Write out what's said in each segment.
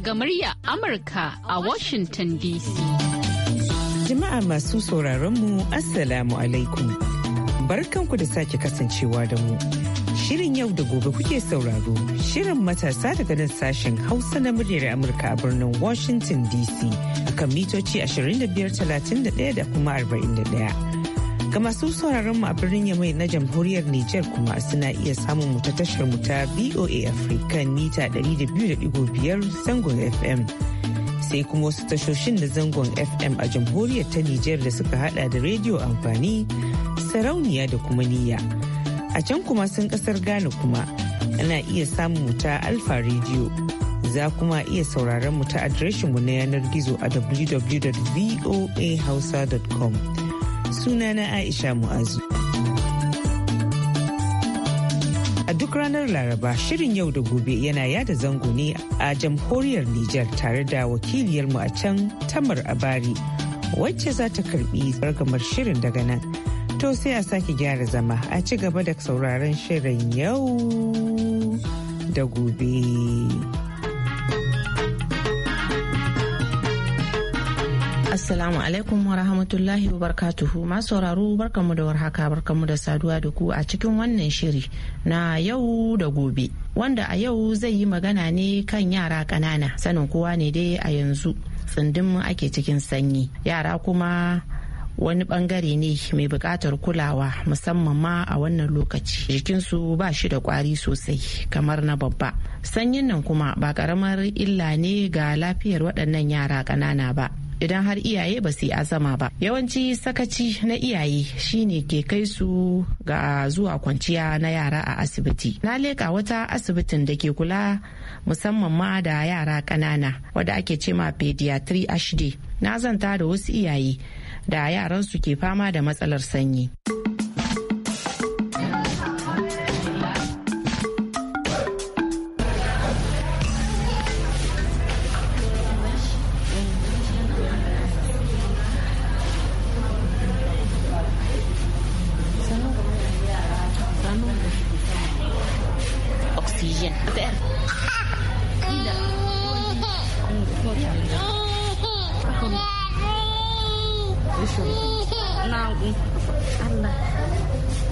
daga murya Amurka a Washington DC. Jama'a masu sauraronmu Assalamu alaikum. Barkanku da sake kasancewa da mu. Shirin yau da gobe kuke sauraro, shirin matasa daga nan sashen Hausa na muryar Amurka a birnin Washington DC akan mitoci 31 da kuma 41. Ga masu sauraron mu a birnin Yamai na jamhuriyar Nijar kuma suna iya samun mu ta tashar mu ta VOA Africa mita 200.5 zangon FM. Sai kuma wasu tashoshin da zangon FM a jamhuriyar ta Nijar da suka hada da rediyo amfani, sarauniya da kuma niyya. A can kuma sun kasar Ghana kuma ana iya samun mu ta Alfa rediyo Za kuma iya sauraron mu ta adireshinmu na yanar gizo a www.voahausa.com. Suna na Aisha Mu'azu. A duk ranar Laraba shirin yau da gobe yana yada zango ne a jamhuriyar Nijar tare da mu a can Tamar Abari wacce za ta karbi ragamar shirin daga nan. To sai a sake gyara zama a ci gaba da sauraron shirin yau da gobe. Assalamu alaikum wa rahmatullahi wa barkatuhu masu sauraro barkamu da warhaka barkamu da saduwa da ku a cikin wannan shiri na yau da gobe wanda a yau zai yi magana ne kan yara ƙanana sanin kowa ne dai a yanzu tsindin ake cikin sanyi yara kuma wani bangare ne mai bukatar kulawa musamman ma a wannan lokaci jikinsu ba shi da kwari sosai kamar na babba sanyin nan kuma ba karamar illa ne ga lafiyar waɗannan yara ƙanana ba idan har iyaye ba su yi azama ba yawanci sakaci na iyaye shine ke kai su ga zuwa kwanciya na yara a asibiti na leƙa wata asibitin da ke kula musamman ma da yara ƙanana wadda ake ce ma pediatry ashd na zanta da wasu iyaye da yaransu ke fama da matsalar sanyi.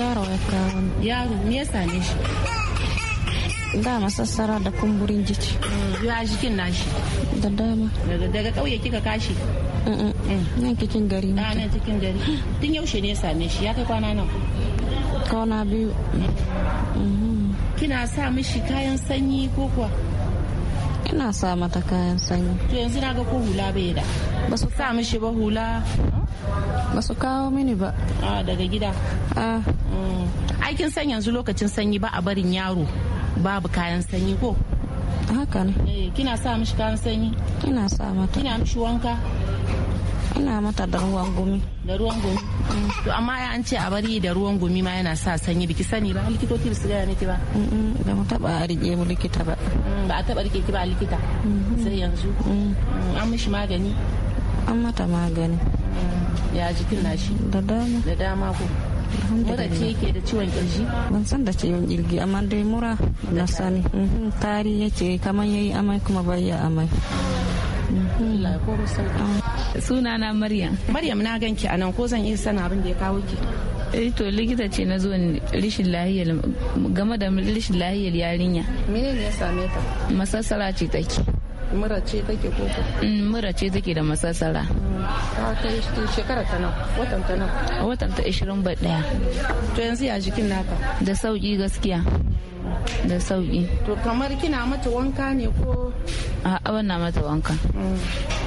yaron efrawan yaro me ya same shi da masassara da kumburin jiki mm, ya jikin nashi da dama daga kauye kika kashi mm. nan cikin gari na nan cikin gari tun yaushe ne ya same shi ya kai kwana nan kwana biyu mm. mm-hmm. kina sa mishi kayan sanyi ko kuwa ina sa mata kayan sanyi to yanzu na ga ko hula bai da ba su sa mishi ba hula ba su kawo mini ba a daga gida mm. aikin san yanzu lokacin sanyi ba a barin yaro babu kayan sanyi ko haka ne eh, kina sa mishi kayan sanyi Ina sa mata kina mishi wanka ina mata da ruwan gumi da ruwan gumi to amma an ce a bari da ruwan gumi ma yana sa sanyi biki sani ba likitoci ba su gaya miki ba da mu taba rike mu likita ba mm, ba a taba rike ki ba likita mm-hmm. sai yanzu mm. Mm, an mishi magani an mata magani ya jikin nashi da dama da dama ko mura ce yake da ciwon kirji ban san da ciwon kirji amma dai mura na sani mm-hmm. tari yake kamar yayi amai kuma bai amai suna na Maryam Maryam na ganki nan ko zan iya sana abin da ya kawo ki eh to likita ce na zo rishin lahiyar game da rishin lahiyar yarinya ne ya same ta masassara ce take mura ce take ko mm, mura ce take da masassara ta kai shekara ta nan watan ta nan watan ta 21 to yanzu ya jikin naka da sauki gaskiya da sauki to kamar kina mata wanka ne ko a'a ban na mata wanka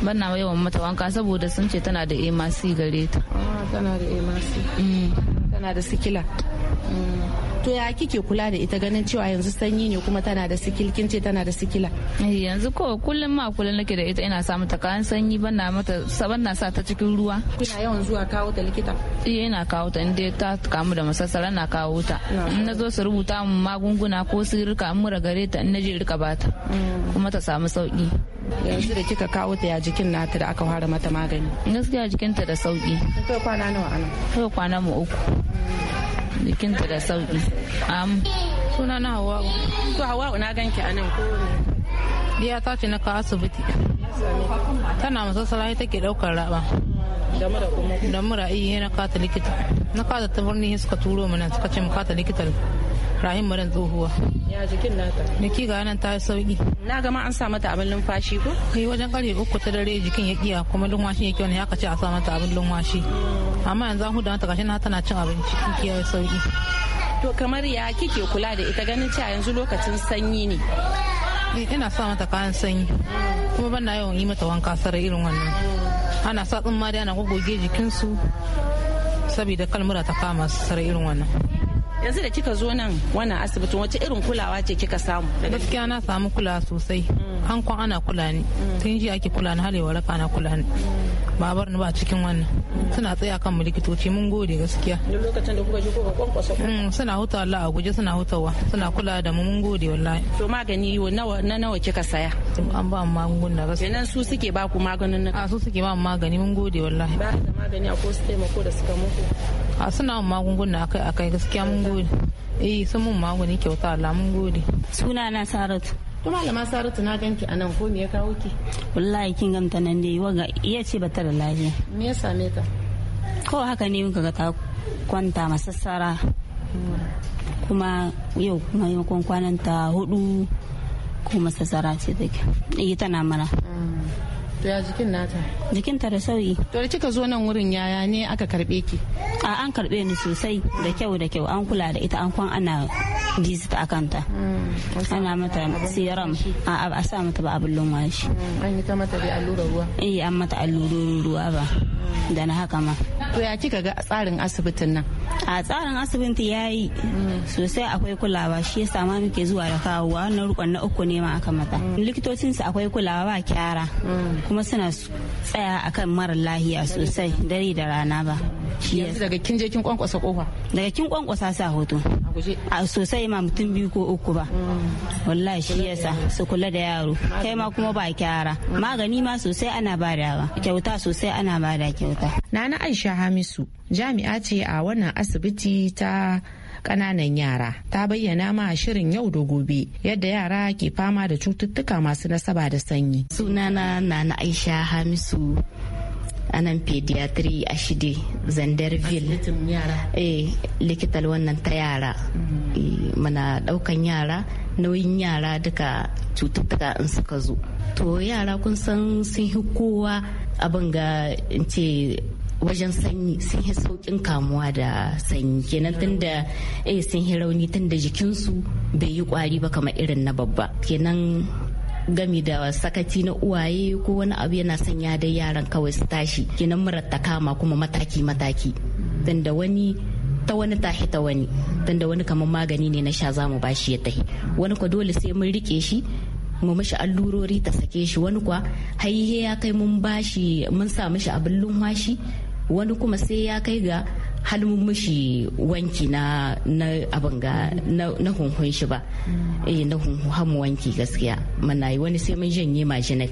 ban na yawan mata wanka saboda sun ce tana da amc gare ta ah, tana da amc mm. tana da sikila mm. to ya kike kula da ita ganin cewa yanzu sanyi ne kuma tana da sikil kin ce tana da sikila eh, yanzu ko kullum ma kullum nake da ita ina sa mata kayan sanyi na mata na sa ta cikin ruwa kina yawan zuwa kawo ta likita eh ina kawo ta inda ta kamu da masassara na kawo ta in na zo su rubuta mun magunguna ko su rika mun ragare ta in na je rika bata mm. kuma ta samu sauki yanzu da kika kawo ta ya jikin nata da aka fara mata magani gaskiya jikinta da sauki kai kwana nawa ana kai kwana mu uku jikinta da sauki am suna na hawa to hawa na ganki anan ko biya ta ce na ka asibiti tana masasara take daukar raba da mura iya eh, na kata likita na kata ta birni suka turo mana suka ce mu kata likita Rahim Madan tsohuwa. Ya jikin nata. ki ga nan ta yi sauki. Na gama an sa mata abin numfashi ko? Kai wajen kare uku ta dare jikin ya kiya kuma lumwashin ya kiya wani ya kace a sa mata abin lumfashi Amma yanzu an huda mata gashi na tana cin abinci jiki ya yi sauki. To kamar ya kike kula da ita ganin cewa yanzu lokacin sanyi ne. Eh, ina sa mata kayan sanyi. Kuma ban na yawan yi mata wanka sarai irin wannan. Ana sa tsimma da ana gogoge jikinsu saboda kalmura ta kama su sarai irin wannan. yanzu da kika zo nan wannan asibitin wace irin kulawa ce kika samu gaskiya na samu kulawa sosai hankon ana kula ni mm. tun ji ake kula ni har yawa raka ana kula ni mm. ba bar ni ba cikin wannan suna tsaya kan mu likitoci mun gode gaskiya duk lokacin da kuka ji kuka kwankwasa mm, suna huta Allah a guje suna hutawa suna kula da mu mun gode wallahi to magani nawa na nawa kika saya an ba mu magunguna gaskiya kenan su suke ba ku maganin a su suke ba mu magani mun gode wallahi ba da magani a ko su taimako da suka muku a suna magunguna akai akai gaskiya mun gode eh sun mun magani kyauta Allah mun gode suna na Saratu to malama saratu na ganki anan ko me ya kawo ki wallahi kin gamta nan dai waga iya ce bata da lafiya me ya same ta ko haka ne ga ta kwanta masassara kuma yau kuma yankon kwanan ta hudu ko masassara ce take ita tana mana mm. ya jikin nata jikin ta da sauyi to da kika zo nan wurin yaya ne aka karbe ki a an karbe ni sosai da kyau da kyau an kula da ita an kwan ana gisit a kanta ana mata serum a sa mata ba abin loma shi an yi ta mata da allurar ruwa eh an mata allurorin ruwa ba da na haka ma to ya kika ga tsarin asibitin nan a tsarin asibiti ya yi sosai akwai kulawa shi ya sama muke zuwa da kawowa wannan rukon na uku ne ma aka mata likitocin su akwai kulawa ba kyara kuma suna tsaya akan marar lahiya sosai dare da rana ba yanzu daga kin je kin kwankwasa kofa daga kin kwankwasa sa hoto a sosai ma mutum biyu ko uku ba mm. wallahi shi yasa su kula da yaro kai ma kuma ba kyara mm. magani ma sosai ana badawa kyauta sosai ana bada kyauta nana aisha hamisu jami'a ce a wannan asibiti ta kananan yara ta bayyana ma shirin yau da gobe yadda yara ke fama da cututtuka masu nasaba da sanyi sunana na na aisha hamisu a nan pediatry a shidi zandarville e eh, likital wannan ta yara mana mm-hmm. eh, daukan yara nauyin yara duka cututtuka in suka zo to yara kun san sun hi kowa abin ga in ce wajen sanyi sun yi saukin kamuwa da sanyi kenan tun da eh, sun yi rauni tunda jikinsu bai yi kwari ba kamar irin na babba kenan gami da sakaci na uwaye ko wani abu yana sanya dai yaran kawai su tashi kinan murata kama kuma mataki mataki tunda wani ta wani tahi ta wani tunda wani kamar magani ne na sha zamu bashi ya tahi wani ko dole sai mun rike shi mu mishi allurori ta sake shi wani kwa haihe ya kai mun bashi mun sa mishi abin lunwashi wani kuma sai ya kai ga halin mushi wanki na abin ga na hunhun shi ba eh na hunhun hamu wanki gaskiya mana yi wani sai mun janye majinai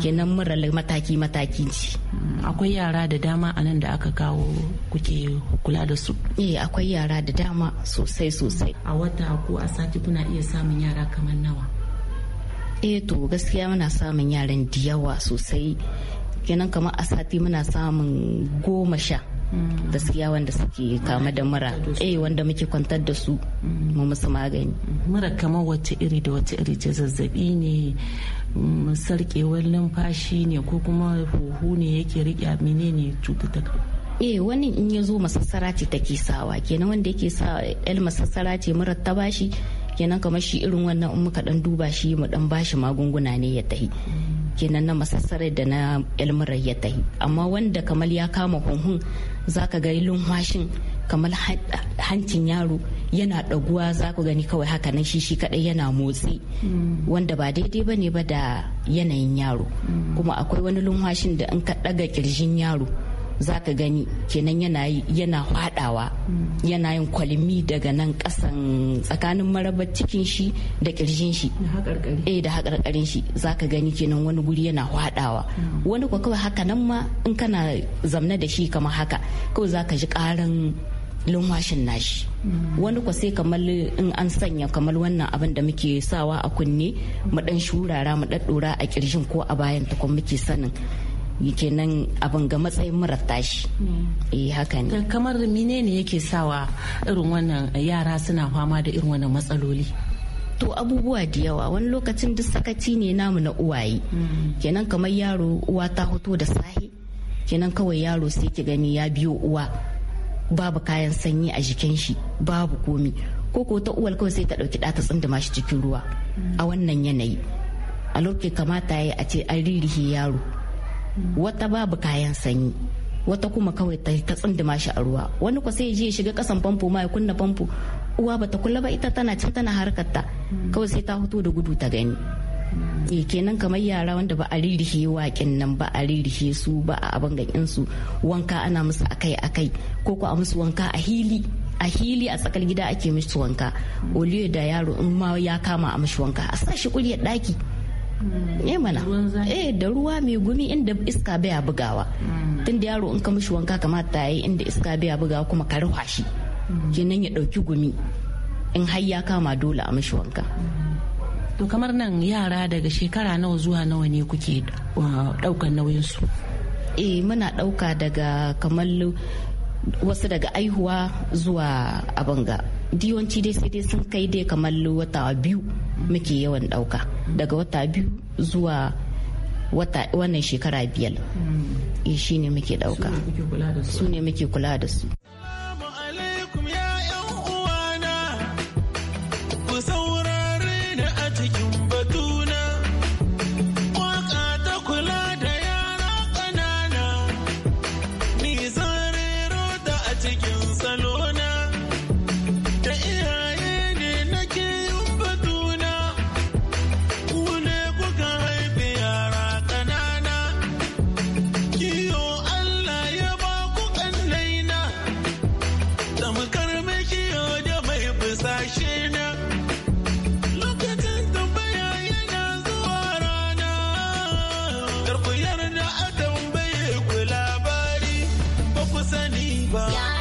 kenan mura mataki mataki ci akwai yara da dama a nan da aka kawo kuke kula da su eh akwai yara da dama sosai sosai a wata ko a sati kuna iya samun yara kamar nawa eh to gaskiya muna samun yaran da yawa sosai kenan kamar a sati muna samun goma sha gaskiya wanda suke kama da mura eh wanda muke kwantar da su mu musu magani mura kamar wacce iri da wacce iri ce zazzabi ne mm, sarkewar numfashi ne ko kuma huhu ne yake riƙe ne cututtuka eh wani in ya zo masassara ce take sawa kenan wanda yake sa el masassara ce mura ta bashi kenan kamar shi irin wannan in muka dan duba shi mu dan bashi magunguna ne ya tahi kenan na masassarar da na ilmurar ya tahi amma wanda kamar ya kama hunhun zaka ga lumfashin kamar hancin yaro yana ɗaguwa za ku gani kawai haka nan shi shi kaɗai yana motsi wanda ba daidai ba ne ba da yanayin yaro mm. kuma akwai wani lumhashin da in ka ɗaga ƙirjin yaro za ka gani kenan yana yana hwadawa yana yin kwalmi daga nan kasan tsakanin marabar cikin shi da kirjin shi eh da hakarkarin shi za ka gani kenan wani guri yana hwadawa mm. wani kwa kawai haka nan ma in kana zamna da shi kamar haka kawai za ka ji karan lumashin nashi mm. wani kwa sai kamar in an sanya kamar wannan abin da muke sawa a kunne mu dan shurara mu daddora a kirjin ko a bayan kuma muke sanin kenan abin ga matsayin mura tashi hmm. eh haka ne kamar mine ne yake sawa irin wannan yara suna fama da irin wannan matsaloli to abubuwa da yawa wani lokacin duk sakaci ne namu na uwaye hmm. kenan kamar yaro uwa ta hoto da sahi kenan kawai yaro sai ki gani ya biyo uwa babu kayan sanyi a jikin shi babu komi ko ko ta uwal kawai sai ta dauki da ta tsinda shi cikin ruwa hmm. a wannan yanayi a lokacin kamata ya a ce an ririhe yaro wata babu kayan sanyi wata kuma kawai ta tsindima shi a ruwa wani kwa sai je shiga kasan famfo ma ya kunna famfo uwa bata kula ba ita tana can tana harkar ta kawai sai ta fito da gudu ta gani e kenan kamar yara wanda ba a ririhe wakin nan ba a ririhe su ba a abin su wanka ana musu akai akai ko ko a musu wanka a hili a hili a tsakar gida ake musu wanka oliyo da yaro in ma ya kama a mishi wanka a sa shi kuryar daki eh mm. mana eh da ruwa mai gumi inda iska baya bugawa mm. tun da yaro in ka mishi wanka kamata yi inda iska baya bugawa kuma ka rufa shi mm. kenan ya dauki gumi in har ya kama dole a mishi wanka to kamar nan yara daga shekara nawa zuwa nawa ne kuke daukan nauyin su eh muna dauka daga kamar wasu daga aihuwa zuwa abanga diwanci dai sai dai sun kai dai kamar wata biyu muke yawan ɗauka daga wata biyu zuwa wannan shekara biyar mm. eh, shi ne muke ɗauka su ne muke kula da su Yeah.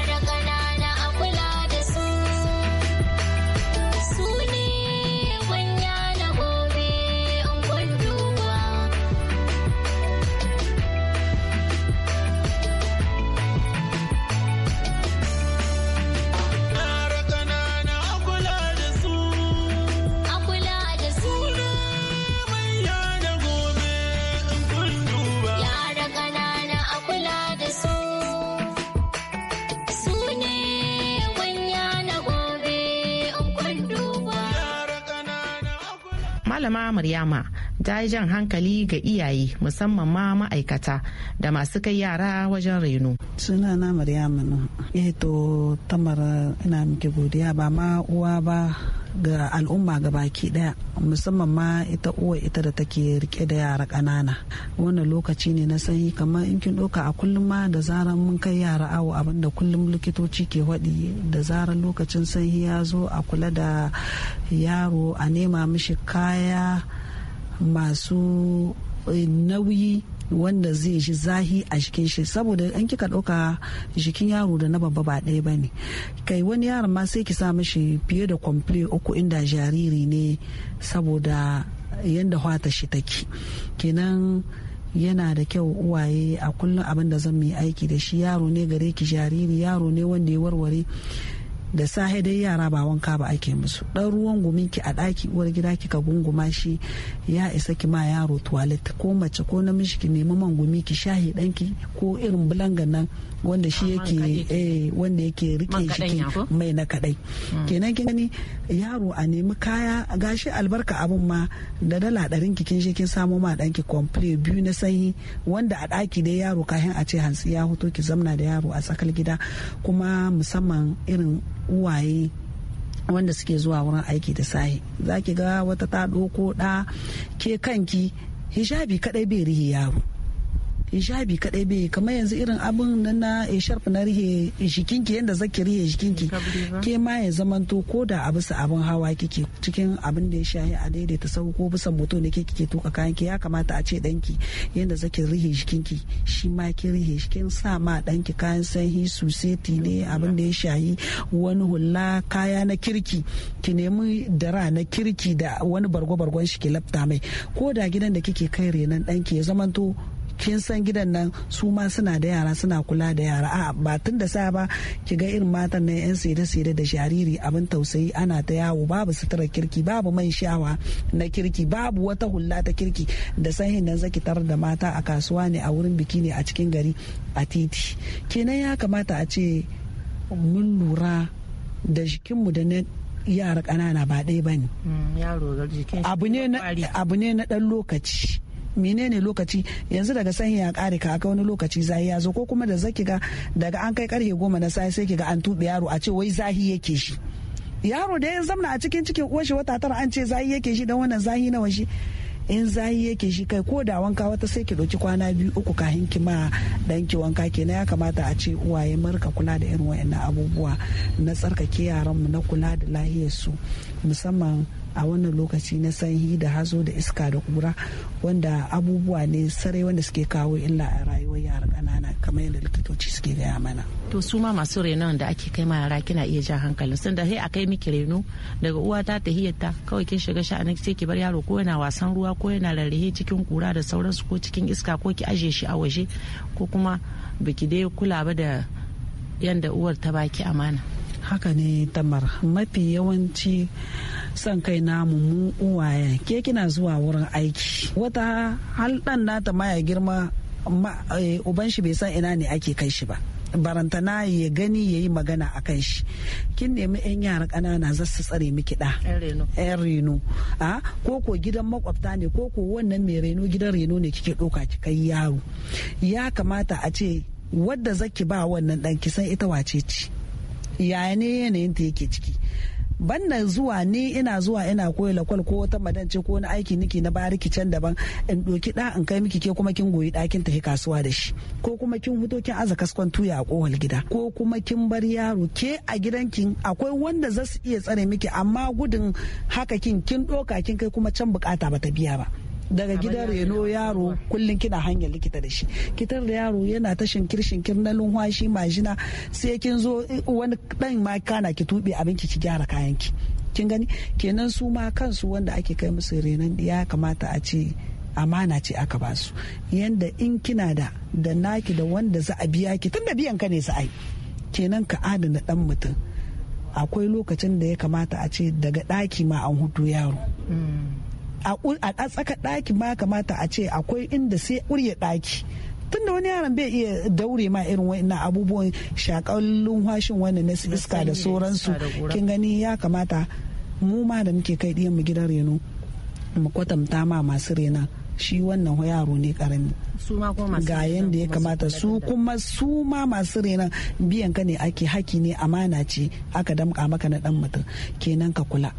maryama ta yi jan hankali ga iyaye musamman ma ma'aikata da masu kai yara wajen reno sunana maryama na eto eh tamar ina miki godiya ba ma uwa ba ga al'umma ga baki daya musamman ma ita uwa ita da take rike da yara ƙanana wannan lokaci ne na sanyi kamar in kin ɗauka a kullum ma da zarar mun kai yara awo abinda kullum likitoci ke waɗi da zarar lokacin sanyi ya zo a kula da yaro a nema mishi kaya masu eh, nauyi wanda zai ji zahi a jikin shi saboda in kika ɗauka jikin yaro da na babba ba ɗaya ba ne kai wani yaron ma sai ki sa mashi fiye da kwamfule uku inda jariri ne saboda yadda hwata shi take kenan yana da kyau uwaye a kullum abin da zan mai aiki da shi yaro ne gare ki jariri yaro ne wanda ya warware da sahe dai yara ba wanka ba ake musu dan ruwan gumin ki a daki uwar gida kika gunguma shi ya isa ki ma yaro toilet ko mace ko namiji ki nemi man gumi ki shahi danki ko irin bulangan nan wanda shi ah, yake eh wanda yake rike shi mai na kadai hmm. kenan kin gani yaro a nemi kaya gashi albarka abun ma da dala ɗarin kin shi kin samo ma danki complete biyu na sanyi wanda a ɗaki dai yaro kayan a ce hantsi ya hoto ki zamna da yaro a tsakar gida kuma musamman irin uwaye wanda suke zuwa wurin aiki da sahi za ki ga wata ta ɗoko ɗa ke kanki hijabi kadai bai rihi yaro hijabi kadai bai kamar yanzu irin abin nan na sharf na rihe jikinki yanda zaki rihe jikinki ke ma ya zamanto ko da a bisa abin hawa kike cikin abin da ya shahi a daidaita sau ko bisa moto ne ke kike tuka kayan ki ya kamata a ce danki yanda zaki rihe jikinki shi ma ki rihe shi sa ma danki kayan sanyi seti ne abin da ya shahi wani hula kaya na kirki ki nemi dara na kirki da wani bargo-bargon shi ki lafta mai ko da gidan da kike kai renan danki ya zamanto kin san gidan nan su ma suna da yara suna kula da yara a ba tun da sa ba ki ga irin matan nan yan sire sire da jariri abin tausayi ana ta yawo babu sutura kirki babu man shawa na kirki babu wata hulla ta kirki da sahin nan zaki tarar da mata a kasuwa ne a wurin biki ne a cikin gari a titi kenan ya kamata a ce mun lura da jikinmu da na yara ƙanana ba ɗaya ba ne mm, abu ne na ɗan lokaci menene lokaci yanzu daga sanyi ya kare ka aka wani lokaci zahi ya zo ko kuma da zaki ga daga an kai karhe goma na sai sai ki ga an tuɓe yaro a ce wai zahi yake shi yaro da ya zamna a cikin cikin uwashi wata tara an ce zahi yake shi dan wannan zahi nawa shi in zahi yake shi kai ko da wanka wata sai ki ɗauki kwana biyu uku kahin ki ma dan ki wanka kenan ya kamata a ce uwaye marka kula da irin wayannan abubuwa na tsarkake yaran mu na kula da lahiyar su musamman a wannan lokaci na sanyi da hazo da iska da kura wanda abubuwa ne sarai wanda suke kawo illa a rayuwar yara ƙanana kamar yadda likitoci suke gaya mana to su ma masu renon da ake kai ma yara kina iya jan hankalin sun da sai a kai miki reno daga uwa ta tahiyarta kawai kin shiga sha'anin sai ki bar yaro ko yana wasan ruwa ko yana rarrahe cikin kura da sauransu ko cikin iska ko ki aje shi a waje ko kuma biki dai kula ba da yanda uwar ta baki amana haka ne tamar mafi yawanci son kai namu mu uwaye ke kina zuwa wurin aiki wata hal dan nata ma ya girma eh, uban shi bai san ina ne ake kai shi ba barantana ya gani ya yi magana a kan shi kin nemi 'yan yara kanana za su tsare miki da. 'yan reno a ko ko gidan makwabta ne ko ko wannan mai reno gidan reno ne kike ɗoka ki kai yaro ya kamata a ce wadda zaki ba wannan ɗan ki san ita wace ce yaya ne yanayin ta yake ciki banna zuwa ni ina zuwa ina koyi lakwal ko wata madance ko wani aiki niki na bayar kicin daban in doki da in kai miki ke kuma kin goyi dakin tafi kasuwa da shi ko kuma kin fito kin aza kaskon tuya a kowal gida ko kuma kin bar yaro ke a gidan gidankin akwai wanda za su iya tsare miki amma gudun haka kin kin doka kin kai kuma can bukata bata biya ba daga gidan reno yaro kullum kina hanyar likita da shi kitar da yaro yana ta shinkir shinkir na lunwashi majina sai kin zo wani dan ma kana ki tuɓe abin ki gyara kayan ki kin gani kenan su ma kansu wanda ake kai musu renon ya kamata a ce amana ce aka ba su yanda in kina da da naki da wanda za a biya ki tun da biyan ka ne su ai kenan ka adana dan mutum akwai lokacin da ya kamata a ce daga daki ma an hutu yaro mm. a tsaka ɗaki ma kamata a ce akwai inda sai ƙurya ɗaki tunda wani yaron bai iya daure ma irin wani abubuwan shakar lumhashin wannan na iska da sauransu kin gani ya kamata mu ma da muke kai ɗiyan mu gidan reno mu kwatanta ma masu rena shi wannan yaro ne karami ga yadda ya kamata su kuma su ma masu renon biyan ka ne ake haki ne amana ce aka damka maka na dan mutum kenan ka kula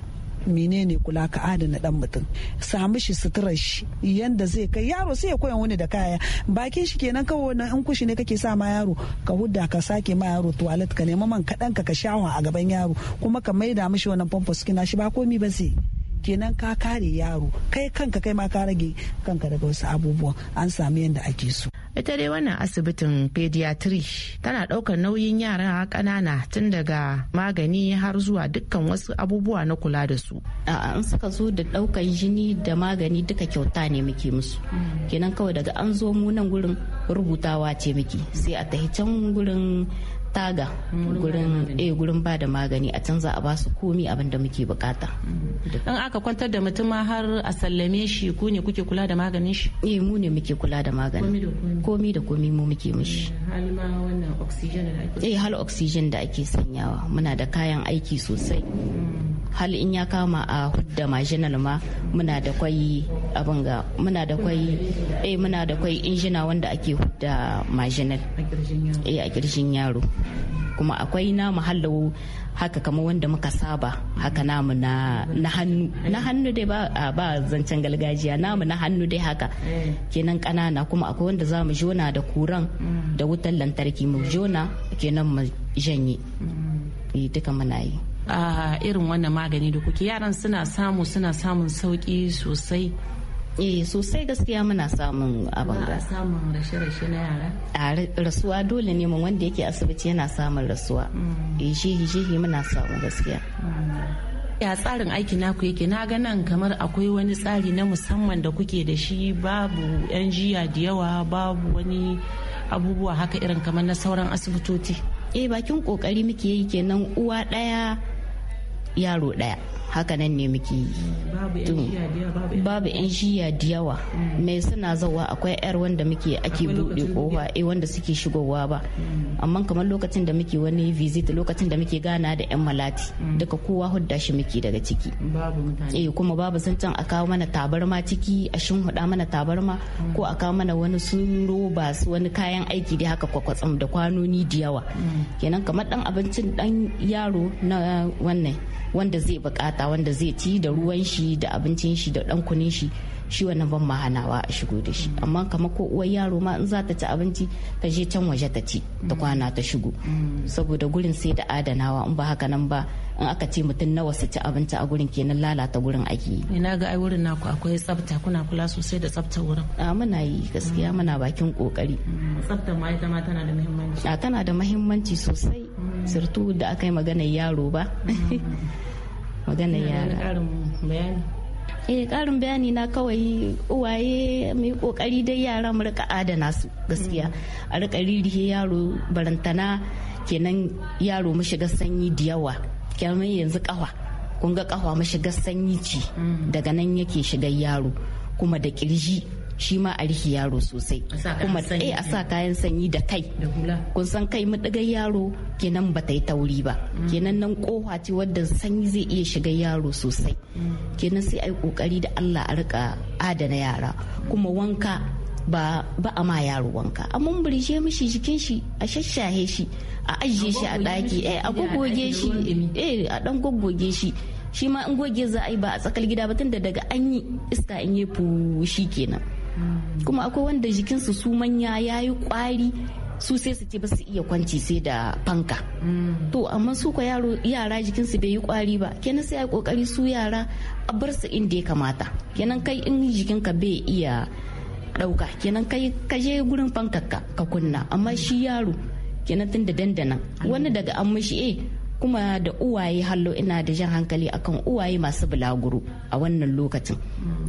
menene kula ka adana dan mutum samu shi suturar shi yanda zai kai yaro sai ya koyan wani da kaya bakin shi kenan kawai wani in kushi ne kake sa ma yaro ka hudda ka sake ma yaro toilet ka nema man kaɗan ka ka shawa a gaban yaro kuma ka maida mishi wannan pompo skin shi ba komi ba sai kenan ka kare yaro kai kanka kai ma ka rage kanka daga wasu abubuwan an sami yadda ake so ita dai wannan asibitin pediatry tana ɗaukar nauyin yara ƙanana tun daga magani har zuwa dukkan wasu abubuwa na kula da su an suka zo da ɗaukar jini da magani duka kyauta ne muke musu mm. kenan kawai daga an zo mu nan gurin rubutawa ce muke sai a tahi can gurin taga gurin eh, gurin ba da magani a canza a ba su komi abin da muke bukata in aka kwantar da mutum ma har a sallame shi ku ne kuke kula da maganin shi eh mu ne muke kula da magani komi da komi mu muke mishi eh, hal ma wannan eh, oxygen da ake sanyawa muna da kayan aiki sosai mm. hal in ya kama a hudda majinal ma muna da kwai abin ga muna da kwai eh muna da kwai injina wanda ake hudda majinal eh a kirjin yaro kuma akwai na mahallo haka kama wanda muka saba haka namu na hannu na hannu dai ba zancen galgajiya namu na hannu dai haka eh. kenan kanana kuma akwai wanda za mu jona da kuran mm. da wutar lantarki mu jona kenan mu janye mm. eh, duka muna yi a irin wannan magani da kuke yaran suna samu suna samun sauki sosai eh sosai gaskiya muna samun abin da samun rashe-rashe na yara a rasuwa dole ne mun wanda yake asibiti yana samun rasuwa mm. eh jihi-jihi muna samun gaskiya ya tsarin aiki ku yake na ganin kamar akwai wani tsari na musamman da kuke da shi babu yan jiya da yawa babu wani abubuwa haka irin kamar na sauran asibitoci eh bakin kokari muke yi kenan uwa daya 雅鲁的。haka nan ne muke yi babu yan shiya da yawa mai mm. suna zawa akwai yar wanda muke ake buɗe kowa eh wanda suke shigowa ba mm. amma kamar lokacin da muke wani visit lokacin da muke gana da yan malati mm. daga kowa hudda shi muke daga ciki eh kuma babu zancen a kawo mana tabarma ciki a shinhuda mana tabarma ko a kawo mana wani sun roba su wani kayan aiki da haka kwakwatsam da kwanoni da yawa kenan kamar dan abincin dan yaro na wannan wanda zai bukata bukata wanda zai ci da ruwan shi da abincin shi da dan kunin shi shi wannan ban ma hanawa a shigo da shi amma kama ko uwar yaro ma in za ta ci abinci ta je can waje ta ci ta kwana ta shigo saboda gurin sai da adanawa in ba haka nan ba in aka ce mutum nawa su ci abinci a gurin kenan lalata gurin ake yi ina ga ai wurin naku akwai tsafta kuna kula sosai da tsafta wurin a muna yi gaskiya mm. muna bakin kokari tsafta ma ita ma tana da muhimmanci a tana da muhimmanci sosai mm. surtu da aka yi maganar yaro ba mm. maganar yara eh karin bayani na kawai uwaye mai kokari dai yara mu rika adana su gaskiya a rika ririhe yaro barantana kenan yaro mashiga sanyi da yawa kenan yanzu kawa kun ga kawa mashiga sanyi ce mm. daga nan yake shiga yaro kuma da kirji shi ma a rihi yaro sosai kuma eh a sa kayan sanyi da kai kun san kai mudigar yaro kenan ba ta yi tauri ba mm. kenan nan kofa ce wadda sanyi zai iya shiga yaro sosai mm. kenan sai a yi kokari da Allah a rika adana yara kuma wanka ba ba a ma yaro wanka a mumburishe mishi jikin shi a shashahe shi a ajiye shi a daki eh a goge shi eh a dan goggoge shi shi ma in goge za a yi ba a tsakar gida ba da daga an yi iska in yi fushi kenan kuma akwai wanda jikinsu su manya ya yi kwari su sai su ce ba su iya kwanci sai da fanka to amma su ka yara jikinsu bai yi kwari ba kenan sai a kokari su yara a bar su inda ya kamata kenan kai in jikinka bai iya ɗauka kenan kai ka je gurin fankarka ka kunna amma shi yaro kenan tun da dandana wani daga an shi eh kuma da uwaye hallo ina da jan hankali akan uwaye masu bulaguro a wannan lokacin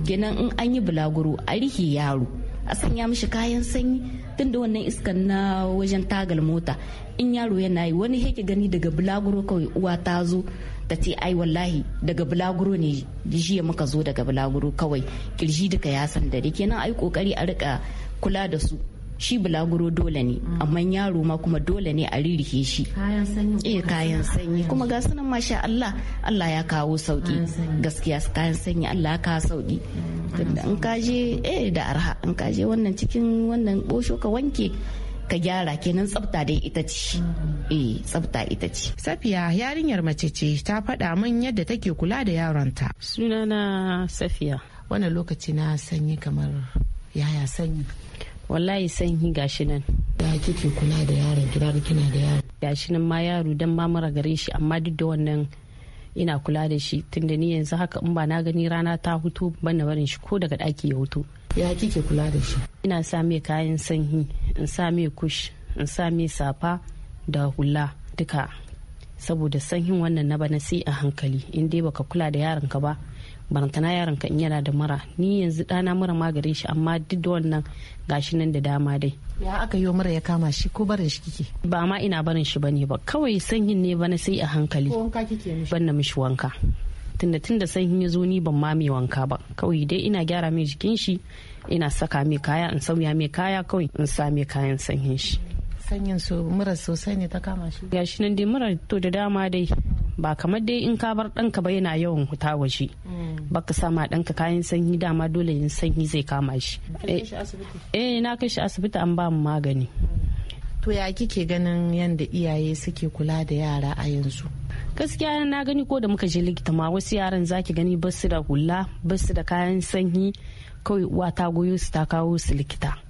kenan in an yi bulaguro a rike yaro a sanya mishi kayan sanyi tun da wannan iskan na wajen tagal mota in yaro yana yi wani yake gani daga bulaguro kawai uwa ta zo ta ce ai wallahi daga bulaguro ne jiya muka zo daga bulaguro kawai kirji duka ya san da kenan ai kokari a rika kula da su shi bulaguro dole ne mm. amma yaro ma kuma dole ne a ririke shi eh kayan sanyi kuma ga sunan masha Allah Allah ya kawo sauki gaskiya kayan sanyi Allah ya kawo sauki mm. in ka je eh da arha in ka je wannan cikin wannan bosho ka wanke ka gyara kenan tsafta dai ita ce mm. eh tsafta ita ce safiya yarinyar mace ce ta faɗa min yadda take kula da yaronta sunana safiya wannan lokaci na sanyi kamar yaya sanyi wallahi sanyi gashi nan ya kike kula da yaron gida da kina da yaro gashi nan ma yaro dan ma mara gare shi amma duk da wannan ina kula da shi tunda ni yanzu haka in ba na gani rana ta hutu ban na barin shi ko daga daki ya hutu ya kike kula da shi ina sa mai kayan sanyi in sa mai kush in sa mai safa da hula duka saboda sanyin wannan na bana sai a hankali in dai baka kula da yaron ka ba barantana yaron ka in yana da mura ni yanzu ɗana mura maganin shi amma duk da wannan gashi nan da dama dai ya aka yi mura ya kama shi ko barin shi kike ba ma ina barin shi bane ba kawai sanyin ne bana sai a hankali ko wanka kike mishi ban na mishi wanka tunda tunda sanyin ya zo ni ban ma mai wanka ba kawai dai ina gyara mai jikin shi ina saka mai kaya in sauya mai kaya kawai in sa mai kayan sanyin shi sanyin su mura sosai ne ta kama shi ya shi nan dai mura to da dama dai ba kamar dai in ka bar ɗanka ba yana yawan huta waje mm. baka sama ɗanka kayan sanyi dama dole yin sanyi zai kama shi eh, eh na kai shi asibiti an ba mu magani to ya kike ganin yadda iyaye suke kula da yara a yanzu gaskiya na gani ko da muka je likita ma wasu yaran zaki gani basu da hula basu da kayan sanyi kawai uwa ta goyo su ta kawo su likita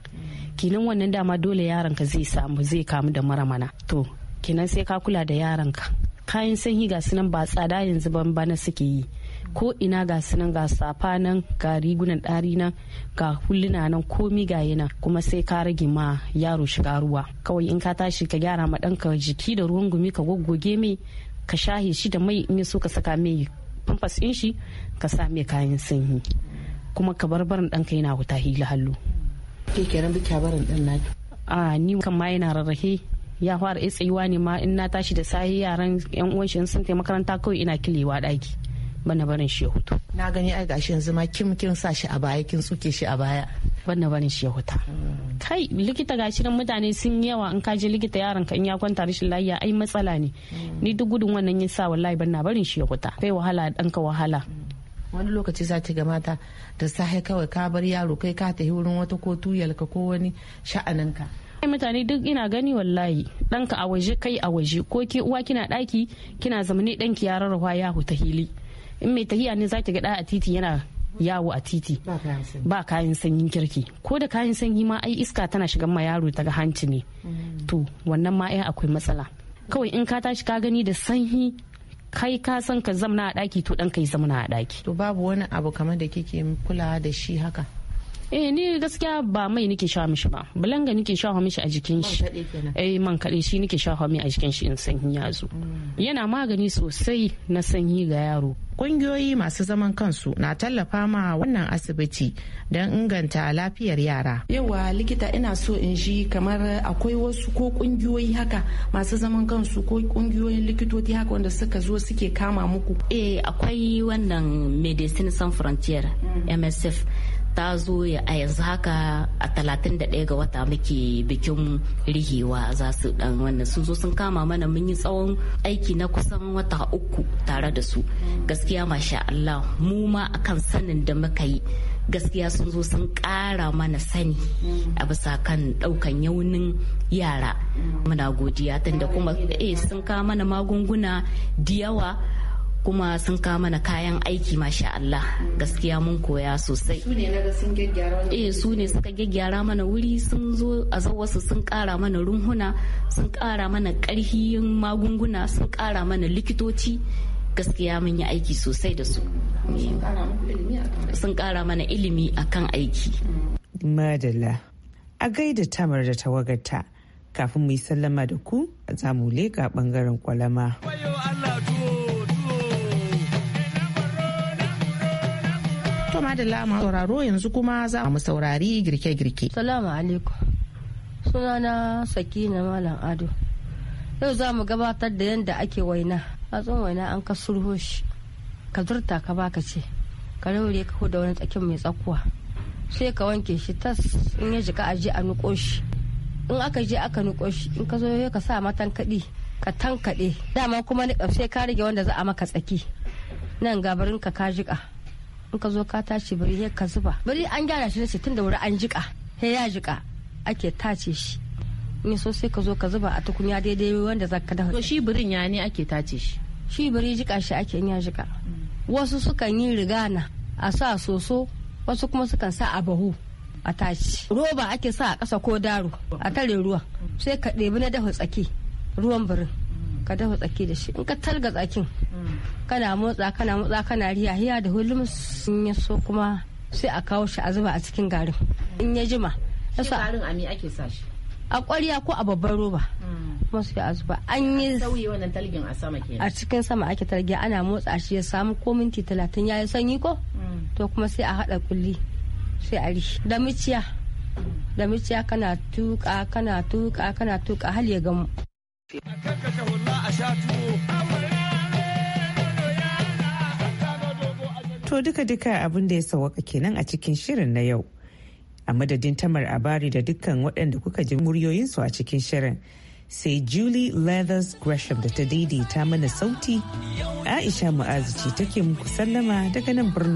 kinan wannan dama dole yaron ka zai samu zai kamu da mara mana to kinan sai ka kula da yaron ka kayan sanyi ga sunan ba tsada yanzu ban bana suke yi ko ina ga sunan ga safa nan ga rigunan ɗari nan ga hulluna nan komi ga yana kuma sai ka rage ma yaro shiga ruwa kawai in ka tashi ka gyara ma ɗanka jiki da ruwan gumi ka goggoge mai ka shahe shi da mai in so ka saka mai famfas ɗin shi ka sa mai kayan sanyi kuma ka bar barin ɗanka yana wuta hila hallu ke kenan biki barin dan naki a ni kan ma yana rarrahe ya fara ya tsayuwa ne ma in na tashi da sahi yaran yan uwan shi sun taimaka makaranta kawai ina kilewa daki bana barin shi ya huta na gani ai gashi yanzu ma kim kin sa shi a baya kin tsuke shi a baya bana barin shi ya huta kai likita gashi nan mutane sun yawa in ka je likita yaron ka in ya kwanta rashin lafiya ai matsala ne ni duk gudun wannan yin sa wallahi bana barin shi ya huta kai wahala dan ka wahala wani lokaci za ga mata da sahe kawai ka bar yaro kai ka tafi wurin wata ko tuyalka ko wani sha'aninka mutane duk ina gani wallahi ɗanka a waje kai a waje ko ke uwa kina ɗaki kina zamani ɗanki ya rarrawa yahu ta hili in mai tahiya ne zaki ga gaɗa a titi yana yawo a titi ba kayan sanyin kirki ko da kayan sanyi ma ai iska tana shigan ma yaro ta hanci ne mm. to wannan ma ai akwai matsala kawai in ka tashi ka gani da sanyi kai ka san ka zamna a daki to dan kai zamna a daki to babu wani abu kamar da kike kulawa da shi haka eh ni gaskiya ba mai nike sha mishi ba bulanga nike sha mishi a jikin shi eh man kaɗai shi nike sha mi a jikin shi in sanyi ya mm. yana magani sosai na sanyi ga yaro Ƙungiyoyi masu zaman kansu na tallafa ma wannan asibiti don inganta lafiyar yara. Yawa likita ina so in ji kamar akwai wasu ko kungiyoyi haka masu zaman kansu ko ƙungiyoyin likitoci haka wanda suka zo suke kama muku. Eh akwai wannan Medicine Sans Frontier MSF mm. ta zo a yanzu haka a 31 ga wata muke bikin rihewa za su dan wannan sun zo sun kama mana mun yi tsawon aiki na kusan wata uku tare da su gaskiya masha Allah mu ma akan sanin da muka yi gaskiya sun zo sun ƙara mana sani a bisa kan ɗaukan yaunin yara muna godiya tunda kuma eh, sun kama mana magunguna diyawa. kuma sun kawo mana kayan aiki masha Allah gaskiya mun koya sosai eh su ne suka gyaggyara mana wuri sun zo a wasu sun kara mana runhuna sun kara mana karhiyin magunguna sun kara mana likitoci gaskiya mun yi aiki sosai da su sun kara mana ilimi akan aiki madalla a gaida tamar da tawagarta kafin mu yi sallama da ku za mu leka bangaren kwalama. madalla sauraro yanzu kuma za mu saurari girke-girke. Salamu alaikum. Suna Sunana Sakina Malam Ado. Yau za mu gabatar da yadda ake waina. Hatsin waina an ka surho shi. Ka zurta ka baka ce. Ka raure ka da wani tsakin mai tsakuwa. Sai ka wanke shi tas in ya jika aje a nuko shi. In aka je aka nuko shi in ka zo ka sa matan kaɗi ka tankaɗe. Dama kuma ni sai ka rage wanda za a maka tsaki. Nan gabarin ka ka jika. in ka zo ka tace bari sai ka zuba bari an gyara shi ce tun da wuri an jika sai ya jika ake tace shi in so sai ka zo ka zuba a tukunya daidai wanda za ka dafa to shi birin ya ne ake tace shi shi bari jika shi ake in ya jika wasu sukan yi rigana a sa soso wasu kuma sukan sa a bahu a tace roba ake sa a ƙasa ko daro a tare ruwa sai ka ɗebi na dafa tsaki ruwan birin ka dafa tsaki da shi in ka talga tsakin kana motsa kana motsa kana riya hiya da hulum sun yi so kuma sai a kawo shi a zuba a cikin garin in ya jima yasa garin a me ake sa shi a ƙwarya ko a babbar roba hmm. kuma sai a zuba an yi sauyi wannan talgin a sama ke a cikin sama ake talge ana motsa shi ya samu ko minti talatin ya yi sanyi ko hmm. to kuma sai a haɗa kulli sai a rishi da miciya da miciya kana tuka kana tuka kana tuka hal ya gamu a sha tuwo To duka-duka abin da ya sawaka kenan a cikin shirin na yau. A madadin tamar abari da dukkan waɗanda kuka ji muryoyinsu a cikin shirin. Sai Julie Leathers Gresham da ta daidaita mana sauti, Aisha Mu'azu take muku sallama daga nan birnin.